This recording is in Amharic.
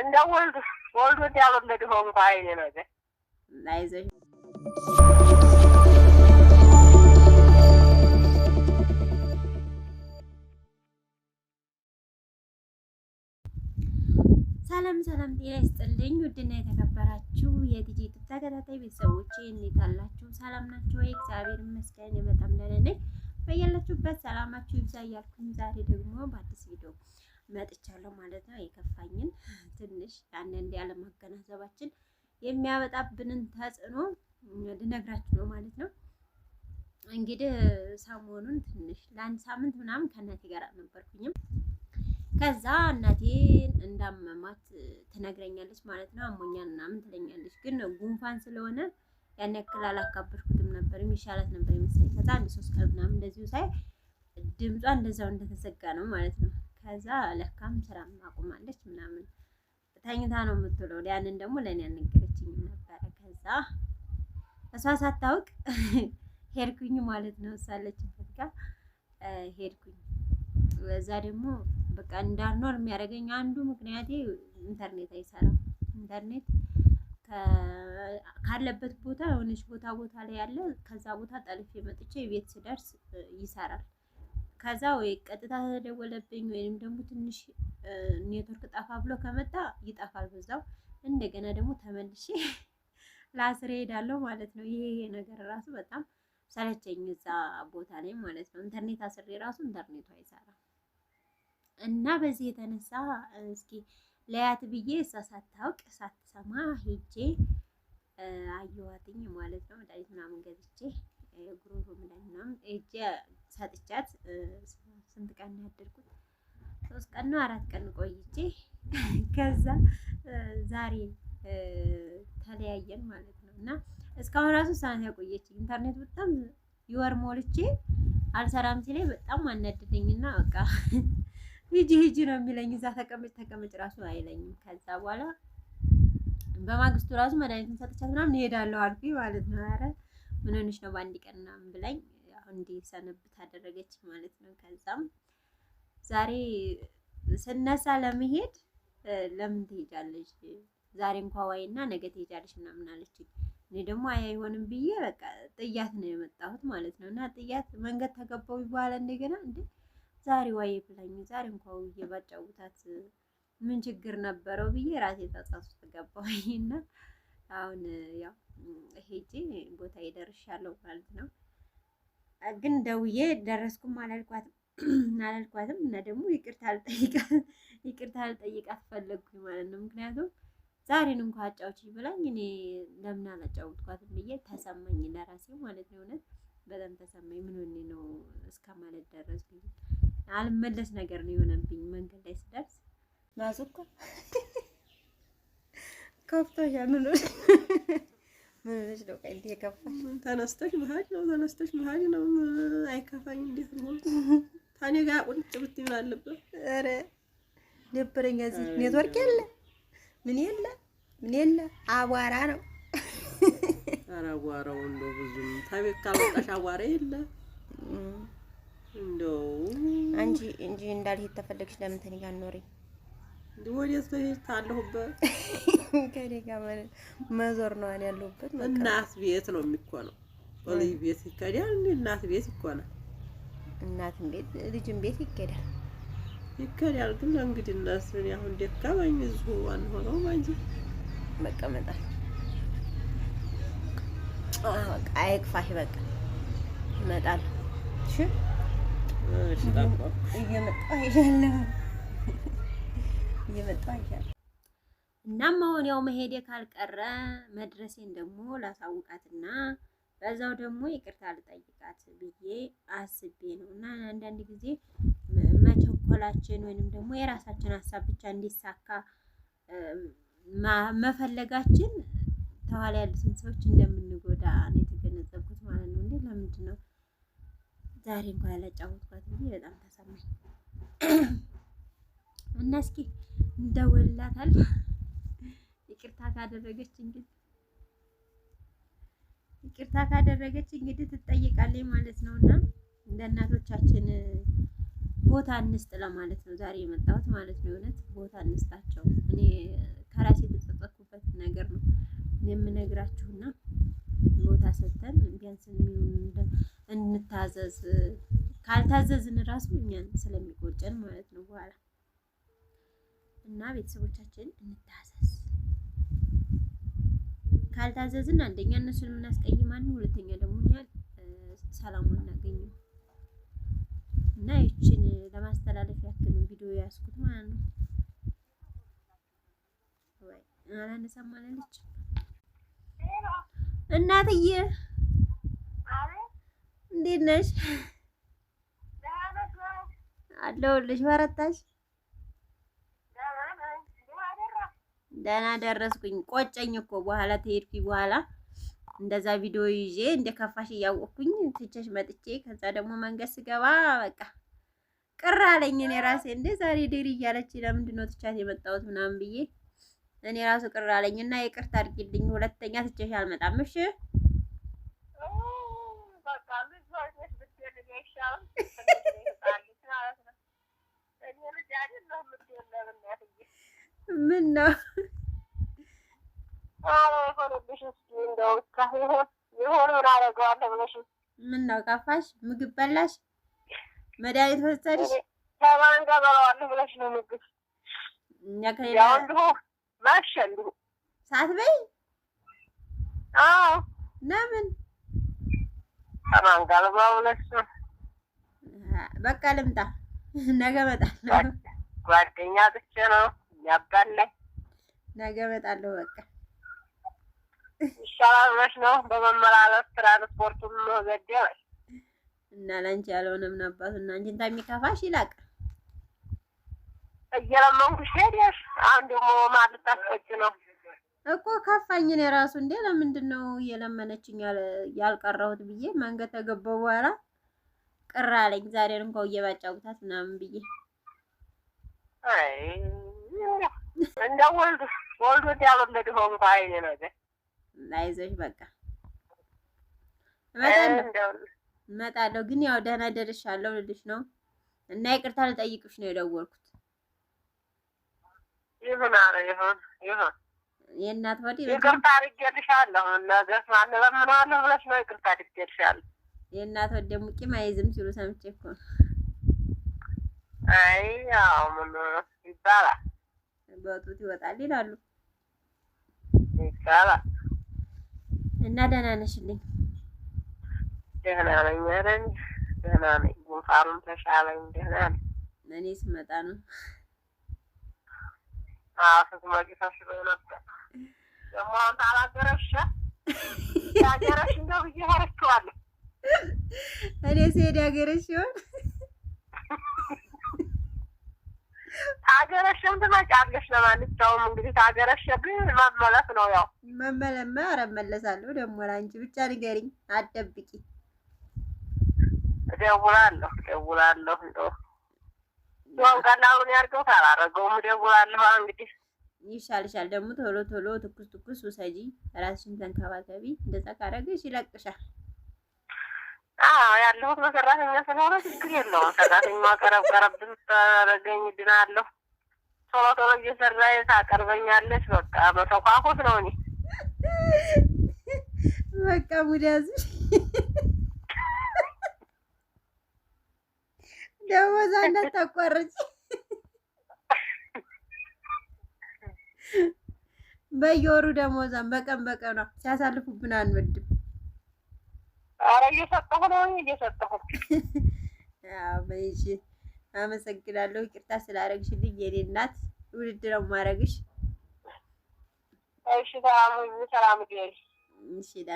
እንደ ወልዱ ወልዱ አይኔ አይዞሽ ሰላም ሰላም፣ ጤና ይስጥልኝ። ውድና የተከበራችሁ የዲጂት ተከታታይ ቤተሰቦቼ እንዴት አላችሁ? ሰላም ናችሁ ወይ? እግዚአብሔር ይመስገን በጣም ደህና ነኝ። በያላችሁበት ሰላማችሁ ይብዛ እያልኩኝ ዛሬ ደግሞ በአዲስ ቪዲዮ መጥቻለሁ ማለት ነው። የከፋኝን ትንሽ አንዳንድ ያለማገናዘባችን የሚያመጣብንን ተጽዕኖ ልነግራችሁ ነው ማለት ነው። እንግዲህ ሰሞኑን ትንሽ ለአንድ ሳምንት ምናምን ከእናቴ ጋር አልነበርኩኝም። ከዛ እናቴን እንዳመማት ትነግረኛለች ማለት ነው። አሞኛል ምናምን ትለኛለች። ግን ጉንፋን ስለሆነ ያን ያክል አላካበድኩትም ነበር። የሚሻላት ነበር ይመስለኝ። ከዛ አንድ ሶስት ቀን ምናምን እንደዚሁ ሳይ ድምጿ እንደዛው እንደተዘጋ ነው ማለት ነው። ከዛ ለካም ስራ አቁማለች ምናምን ተኝታ ነው የምትውለው። ያንን ደግሞ ለእኔ ያነገረችኝ ነበረ። ከዛ እሷ ሳታውቅ ሄድኩኝ ማለት ነው። እሳለችበት ጋር ሄድኩኝ። በዛ ደግሞ በቃ እንዳልኖር የሚያደርገኝ አንዱ ምክንያቴ ኢንተርኔት አይሰራም። ኢንተርኔት ካለበት ቦታ የሆነች ቦታ ቦታ ላይ ያለ ከዛ ቦታ ጠልፌ መጥቼ ቤት ስደርስ ይሰራል። ከዛ ወይ ቀጥታ ተደወለብኝ ወይም ደግሞ ትንሽ ኔትወርክ ጠፋ ብሎ ከመጣ ይጠፋል በዛው። እንደገና ደግሞ ተመልሼ ላስሬ ሄዳለሁ ማለት ነው። ይሄ ይሄ ነገር ራሱ በጣም ሰለቸኝ እዛ ቦታ ላይ ማለት ነው። ኢንተርኔት አስሬ ራሱ ኢንተርኔቱ አይሰራም እና በዚህ የተነሳ እስኪ ለያት ብዬ እዛ ሳታውቅ ሳትሰማ ሄጄ አየዋትኝ ማለት ነው። መድኃኒት ምናምን ገዝቼ ጉሮሮም ላይ ምናምን እጄ ሰጥቻት ስንት ቀን ነው ያደርኩት ሶስት ቀን ነው አራት ቀን ቆይቼ ከዛ ዛሬ ተለያየን ማለት ነው። እና እስካሁን ራሱ ሳን ያቆየች ኢንተርኔት በጣም ይወር ሞልቼ አልሰራም ሲለኝ በጣም እና በቃ ሂጂ ሂጂ ነው የሚለኝ። እዛ ተቀመጭ ተቀመጭ ራሱ አይለኝም። ከዛ በኋላ በማግስቱ ራሱ መድኃኒትን ሰጥቻት ምናምን እሄዳለሁ አልኩኝ ማለት ነው። አረ ምን ሆነች ነው በአንድ ቀን ምናምን ብላኝ አሁን እንዲሰነብት አደረገች ማለት ነው። ከዛም ዛሬ ስነሳ ለመሄድ ለምን ትሄጃለች ዛሬ እንኳ ዋይና ነገ ትሄጃለች ምናምን አለችኝ። እኔ ደግሞ አይ አይሆንም ብዬ በቃ ጥያት ነው የመጣሁት ማለት ነው። እና ጥያት መንገድ ተገባሁ በኋላ እንደገና እንደ ዛሬ ዋይ ብላኝ ዛሬ እንኳ ውዬ ባጫውታት ምን ችግር ነበረው ብዬ ራሴ ተጻጽፍ ገባሁኝና አሁን ያው ሄጂ ቦታ ይደርሻለሁ ማለት ነው። ግን ደውዬ ደረስኩም አላልኳትም አላልኳትም እና ደግሞ ይቅርታ ልጠይቃት ፈለግኩኝ ማለት ነው። ምክንያቱም ዛሬን እንኳ አጫውች ብላኝ እኔ ለምን አላጫውትኳትም ብዬ ተሰማኝ ለራሴ ማለት ነው። እውነት በጣም ተሰማኝ። ምን ሆኜ ነው እስከ ማለት ደረስኩኝ። አልመለስ ነገር ነው የሆነብኝ መንገድ ላይ ስደርስ ናዙ ከፍቶሻል? ምን ሆነሽ ምን ሆነሽ ነው? ቀልድ የከፋሽ ተነስተሽ መሀል ነው ተነስተሽ መሀል ነው። አይከፋኝ እንዴት ነው ታኔ ጋር ቁጭ ብትይ ምን አለበት? ኧረ ደበረኝ። እዚህ ኔትወርክ የለ ምን የለ ምን የለ አቧራ ነው። ኧረ አቧራው እንደው ብዙም ታቤት ካልወጣሽ አቧራ የለ እንደው አንቺ እንጂ እንዳልሄድ ተፈለግሽ ለምን ተኔ ጋር ኖሪ ወዴት ነው ሄጅ ታለሁበት ከኔ ጋር መዞር ነው አን ያለሁበት እናት ቤት ነው የሚኮነው። ልጅ ቤት ይከዳል፣ እናት ቤት ይኮናል። እናትም ቤት ልጅም ቤት ይከዳል ይከዳል። ግን እንግዲህ እነሱን አሁን ደከመኝ እዚሁ አንሆነው ማንጂ መቀመጣል አይክፋሽ በቃ እመጣለሁ። እሺ እሺ እየመጣሁ ይሻለሁ እናም አሁን ያው መሄዴ ካልቀረ መድረሴን ደግሞ ላሳውቃትና በዛው ደግሞ ይቅርታ ልጠይቃት ብዬ አስቤ ነው። እና አንዳንድ ጊዜ መቸኮላችን ወይንም ደግሞ የራሳችን ሀሳብ ብቻ እንዲሳካ መፈለጋችን ተኋላ ያሉትን ሰዎች እንደምንጎዳ ነው የተገነዘብኩት ማለት ነው። እንዴ ለምንድን ነው ዛሬ እንኳን ያላጫወትኳት? በጣም ተሰማኝ እና እስኪ ደውላታል። ይቅርታ ካደረገች እንግዲህ ይቅርታ ካደረገች እንግዲህ ትጠይቃለች ማለት ነው። እና ለእናቶቻችን ቦታ እንስጥ ለማለት ነው ዛሬ የመጣሁት ማለት ነው። እውነት ቦታ እንስጣቸው። እኔ ከራሴ የተጸጸትኩበት ነገር ነው የምነግራችሁና ቦታ ሰጥተን ቢያንስ እንታዘዝ። ካልታዘዝን ራሱ እኛን ስለሚቆጨን ማለት ነው በኋላ እና ቤተሰቦቻችን እንታዘዝ። ካልታዘዝን አንደኛ እነሱን የምናስቀይማለን፣ ሁለተኛ ደግሞ እኛ ሰላም አናገኝም። እና ይችን ለማስተላለፍ ያክል ቪዲዮ ያስኩት ማለት ነው። አላነሳም ማለች እናትዬ፣ እንዴት ነሽ? አለሁልሽ። በረታሽ ደህና ደረስኩኝ። ቆጨኝ እኮ በኋላ ተሄድኩኝ በኋላ እንደዛ ቪዲዮ ይዤ እንደ ከፋሽ እያወቅኩኝ ትቸሽ መጥቼ ከዛ ደግሞ መንገድ ስገባ በቃ ቅር አለኝ። እኔ ራሴ እንደ ዛሬ ድሪ እያለች ለምንድን ነው ትቻት የመጣሁት ምናምን ብዬ እኔ ራሱ ቅር አለኝ እና ይቅርታ አድርጊልኝ። ሁለተኛ ትቸሽ አልመጣም። እሺ ምን ነው ኧረ ምን ነው ምግብ በላሽ? መድኃኒት ወሰድሽ? ከማን ጋር በለዋለሁ ብለሽ ነው ምግብ እኛ ከሌላ እንዲሁ ሳትበይ አዎ ለምን ከማን ጋር ብለሽ ነው በቃ ልምጣ ነገ እመጣለሁ ጓደኛ ጥቼ ነው ነገ እመጣለሁ በቃ ይሻላል ብለሽ ነው በመመላለስ ትራንስፖርቱም ገደበሽ እና ለአንቺ ያልሆነም ነበር እና አንቺን ይላቅ እየለመንኩሽ ሄደሽ አሁን ደግሞ ነው እኮ ከፋኝ ራሱ እንዴ ለምንድን ነው እየለመነችኝ ያልቀረሁት ብዬ መንገድ ተገባሁ በኋላ ቅር አለኝ። ዛሬን እንኳን እየባጫውታት ምናምን ብዬ አይ ወልዶ ወልዶ ነገር አይዞሽ በቃ እመጣለሁ። ግን ያው ደህና ደርሻለሁ ልልሽ ነው እና ይቅርታ ልጠይቅሽ ነው የደወልኩት። ይሁን ኧረ ይሁን ይሁን የእናት ወዲህ ይቅርታ አድርጌልሻለሁ። ነገስ ማን እለምነዋለሁ ብለሽ ነው ይቅርታ አድርጌልሻለሁ። የእናት ወዲ ሙቂ አይዝም ሲሉ ሰምቼ እኮ ነው። አይ ያው ምን ይባላል በጡት ይወጣል ይላሉ ይባላል እና ደህና ነሽልኝ? ደህና ነኝ። ኧረ ደህና ነኝ። ጉንፋኑም ተሻለኝ። ደህና ነኝ። እኔ ስመጣ ነው። ስትመጪ ተሽሎኝ ነበር። ደግሞ አሁን ታላገረሽ ያገረሽ እንደው እኔ ስሄድ ያገረሽ ይሆን ታገረሽም ትመጫለሽ። ለማንኛውም እንግዲህ ታገረሽ ግን መመለስ ነው ያው መመለመ ኧረ እመለሳለሁ። ደግሞ ለአንቺ ብቻ ንገሪኝ፣ አትደብቂ። እደውላለሁ እደውላለሁ። እንደው ቀላሉን ያድርገው አላደረገውም። እደውላለሁ። እንግዲህ ይሻልሻል። ደግሞ ቶሎ ቶሎ ትኩስ ትኩስ ውሰጂ፣ ራስሽን ተንከባከቢ። እንደዛ ካደረግሽ ይለቅሻል። አዎ ያለሁት በሰራተኛ ስለሆነ ችግር የለውም። ሰራተኛዋ ቀረብ ቀረብ ብታደርገኝ ድናለሁ። ቶሎ ቶሎ እየሰራ ታቀርበኛለች። በቃ መተኳኩት ነው እኔ በቃ ሙድ ያዝሽ። ደግሞ እዛ እንዳታቋርጭ በየወሩ ደሞዛን በቀን በቀኗ ሲያሳልፉብን አንወድም። ኧረ እየሰጠሁ ነው እየሰጠሁ። አመሰግናለሁ ይቅርታ ስላደረግሽልኝ የኔ እናት። ውድድ ነው ማረግሽ እሺ ሰላም ሰላም።